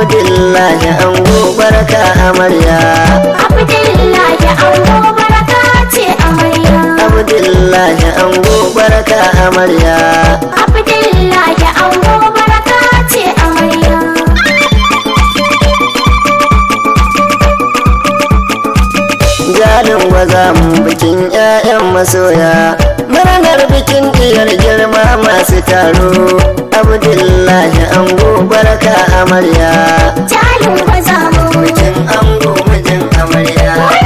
abdullahi an barka amarya abdullahi an barka ce amarya abdullahi an barka amarya abdullahi an barka ce amarya jalin gwaza bikin 'ya'yan masoya ranar bikin diyar girma masu taro abdullahi ango baraka amarya jalin ba za mu mijin ango mijin amarya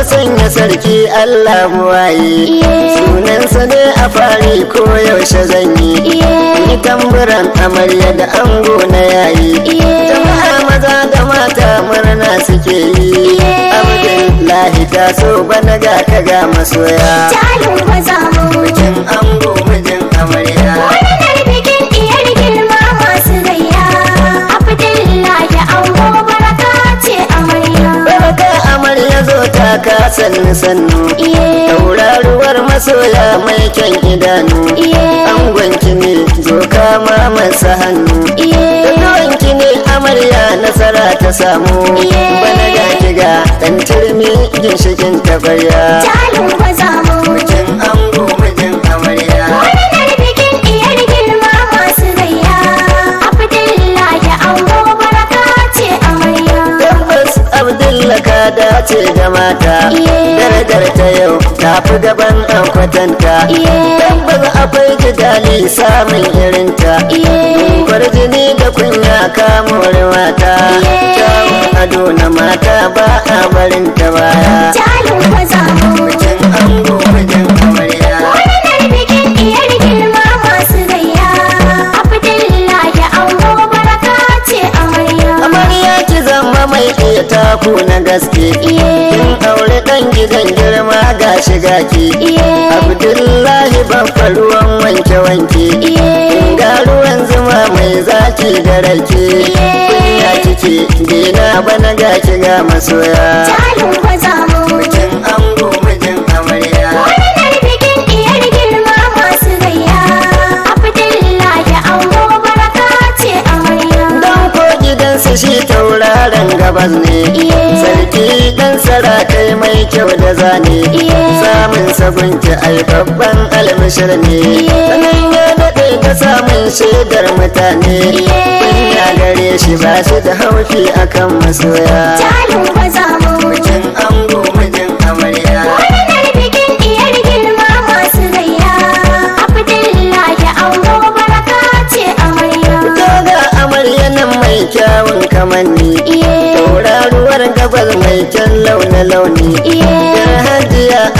na sanya sarki Allah muwaye sunansa ne a fari ko yaushe zan yi yi tamburan amarya da ango na yayi jama'a maza da mata murna suke yi abdullahi ta so bana ga ka ga masoya bikin ango mijin amarya sannu sannu tauraruwar masoya mai kyan idanu gwanki ne zo kama masa hannu da ne amarya nasara ta samu bana da kiga dan turmi ginshikin tabarya ta ba zamu ango abu daban a kwatanta tabbas akwai jidali samun irinta kwarjini da kunya kamar mata kyawun ado na mata ba a barinta baya jalin maza amarya mai iya taku na gaske in aure dan gidan taki abdullahi ban ruwan wanke wanke ga ruwan zuma mai zaki da rake ya kike dina bana ga ki ga masoya talin kwaza mu mijin ango mijin amarya shi tauraron gabas ne sarki dan sarakai mai kyau da zane gunki ai babban almishir ne sanin ya daɗe ka samun shaidar mutane kunya gare shi ba shi da haufi akan masoya jalin ba za mu ango mijin amarya kyawun kamanni tauraruwar gabas mai kyallon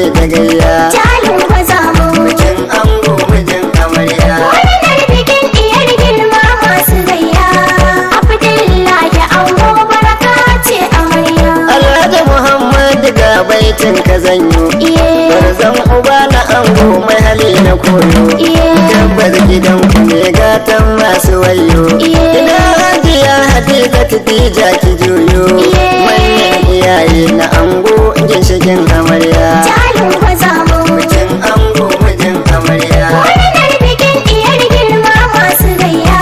ce da gayya jalin mu mijin ango mijin amarya wannan bikin diyar girma masu gayya abdullahi ango baraka ce amarya alhaji muhammad ga baitin ka zanyo barzan uba na ango mai hali na koyo tabbas gidan ku ne masu wayo ina hajiyar hadita ta ki juyo manyan iyaye na ango mijin shigin amarya jalin kwaza mu mijin ango mijin amarya wannan bikin iyar girma masu gayya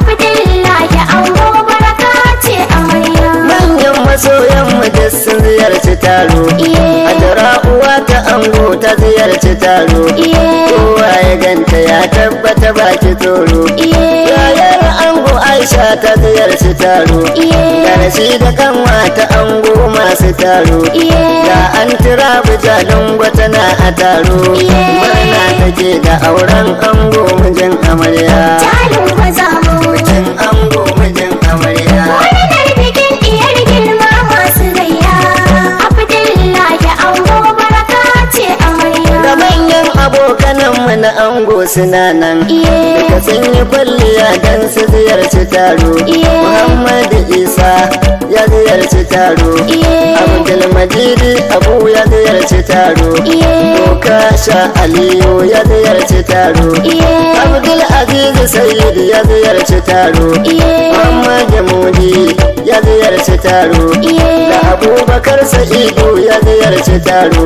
abdullahi ango baraka ce amarya manyan masoyan mu da sun ziyarci taro a jira ta ango ta ziyarci taro kowa ya ganta ya tabbata baki tsoro aisha ta ziyarci taro da rashida kan wata ango su taro da an tira bujalin tana a taro murna ke da auren ango jin amarya Jalin ba za mu ango ango suna nan daga sun yi kwalliya don su ziyarci taro muhammadu isa ya ziyarci taro abdulmajidi abu ya ziyarci taro sha aliyu ya ziyarci taro abdul aziz sayyid ya ziyarci taro muhammadu mudi ya ziyarci taro abubakar sa'idu ya ziyarci taro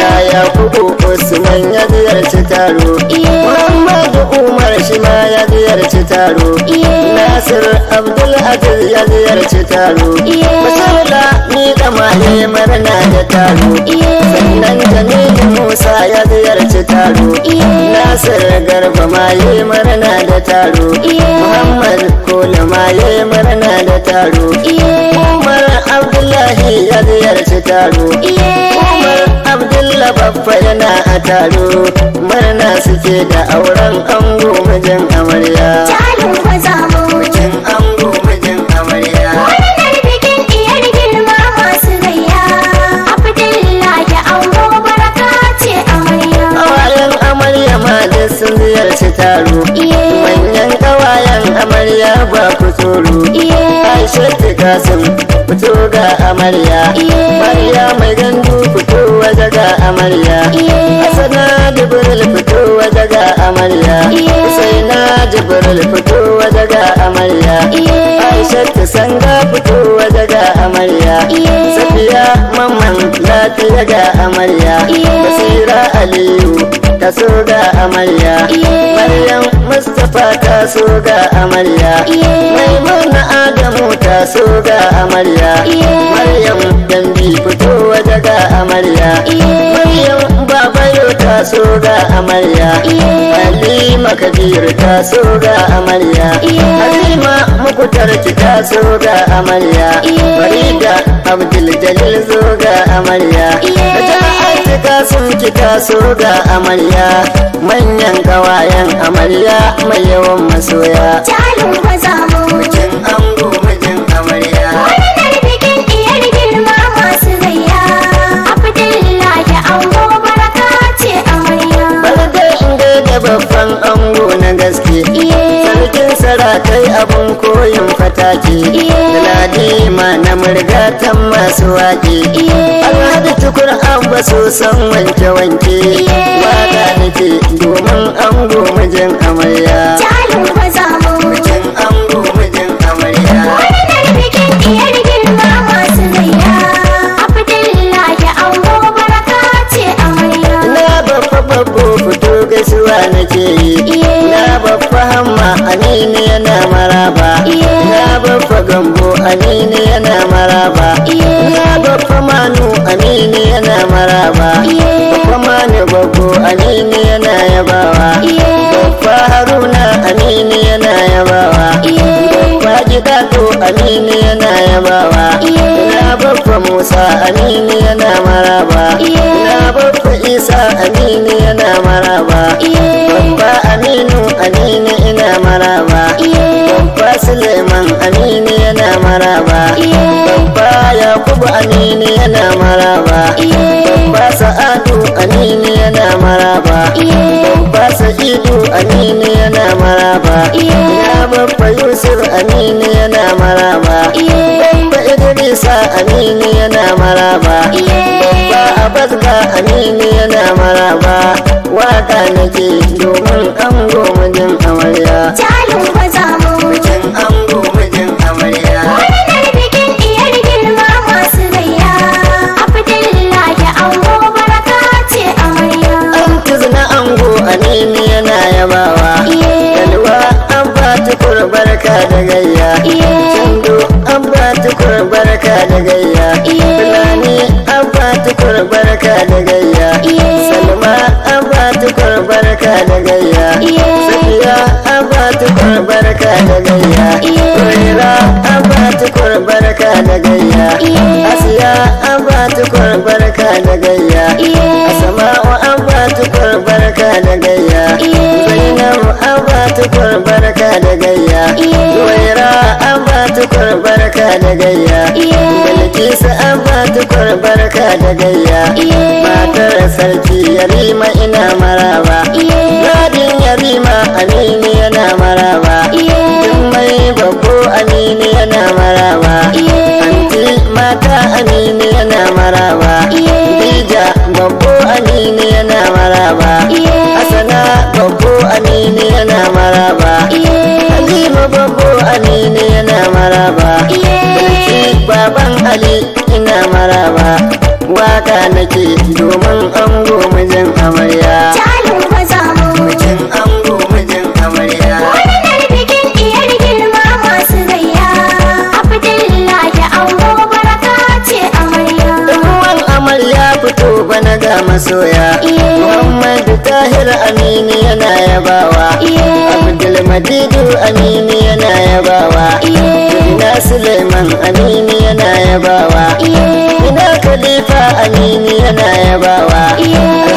ga yakubu usman ya ziyarci taro muhammad hukumar shi ma ya ziyarci taro nasir abdul aziz ya ziyarci taro bashir da ni da maye na da taro sannan jamilu musa ya ziyarci taro nasir garba ma maye na da taro muhammad kola maye na da taro umar abdullahi ya ziyarci taro umar abdulla babba yana a taro marna suke da auren ango mijin amarya jalin mu mijin ango mijin amarya ma da ziyarci taro manyan kawayen amarya ba ku tsoro kasim fito ga amarya mariya mai gandu fito waje ga amarya asana jibril fito waje ga amarya Usaina jibril fito waje ga amarya aisha ta sanga fito waje ga amarya safiya mamman lati ga amarya basira aliyu ta so ga amarya maryam mustapha ta so ga amarya maimuna adamu ta so ga amarya maryam dambi fito waje ga amarya maryam taso ga amarya halima kabir taso ga amarya halima mukutar ki taso ga amarya farida abdul jalil zo ga amarya sun ki taso ga amarya manyan kawayen amarya mai yawan masoya taki Ladima na murgatan masu waƙi Allah da tukur abba so san wanke-wanke Waka nake domin an goma jin amarya amini yana maraba ya babba manu amini yana maraba babba manu babbo amini yana yabawa babba haruna amini yana yabawa babba gidato amini yana yabawa ya babba musa amini yana maraba ya babba isa amini yana maraba babba aminu amini ina maraba babba suleiman amini yana maraba babba yakubu amini yana maraba babba sa'adu amini yana maraba babba sa'idu amini yana maraba ya babba yusuf amini yana maraba babba idrisa amini yana maraba babba abazga amini yana maraba waka nake domin an goma jin amarya. Jalin ba tukur barka da gayya Cando abba tukur barka da gayya Fulani abba tukur barka da gayya Salma abba tukur barka da gayya Safiya abba tukur barka da gayya Kurera abba tukur barka da gayya Asiya abba tukur barka da gayya Asama'u abba tukur barka da gayya Zainabu tukur barka da gayya waira abba tukur barka da gayya bilkisu abba tukur barka da gayya matar sarki yarima ina maraba gadin yarima amini yana maraba duk mai babbo amini yana maraba anti mata amini yana maraba dija babbo amini yana maraba asana babbo amini maraba Habiba babbo Aminu yana maraba Sarki baban Ali ina maraba Waka nake domin ango mijin amarya Jalin ba za mu mijin ango mijin amarya Wannan bikin iyar girma masu gayya Abdullahi ango baraka ce amarya Ɗan amarya fito bana ga masoya Madidu amini yana yabawa ina suleiman amini yana yabawa ina khalifa amini yana yabawa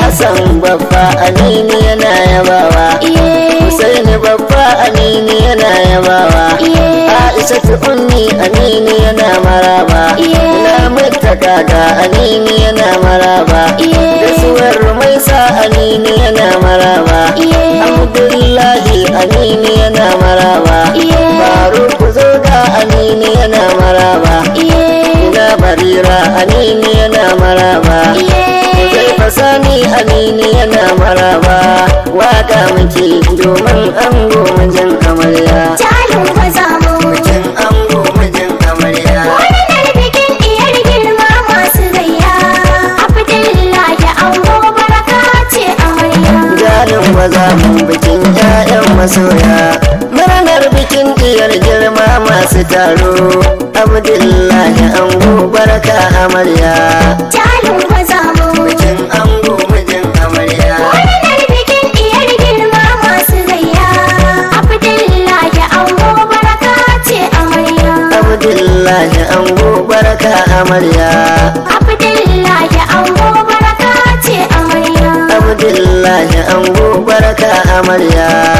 hassan babba amini yana yabawa husaini babba amini yana yabawa shafi unni amini yana maraba ina mutta ga amini yana maraba da suwar maisa amini yana maraba abdullahi amini yana maraba faruk zoga amini yana maraba ina barira amini yana maraba zai fasani amini yana maraba waka muke domin an goma jan amarya. Jalin ranar maza mun bikin 'ya'yan masoya murnar bikin diyar girma masu taro abdullahi ango barka amarya amarya abdullahi ango barka ce amarya abdullahi ango barka amarya ango barka amarya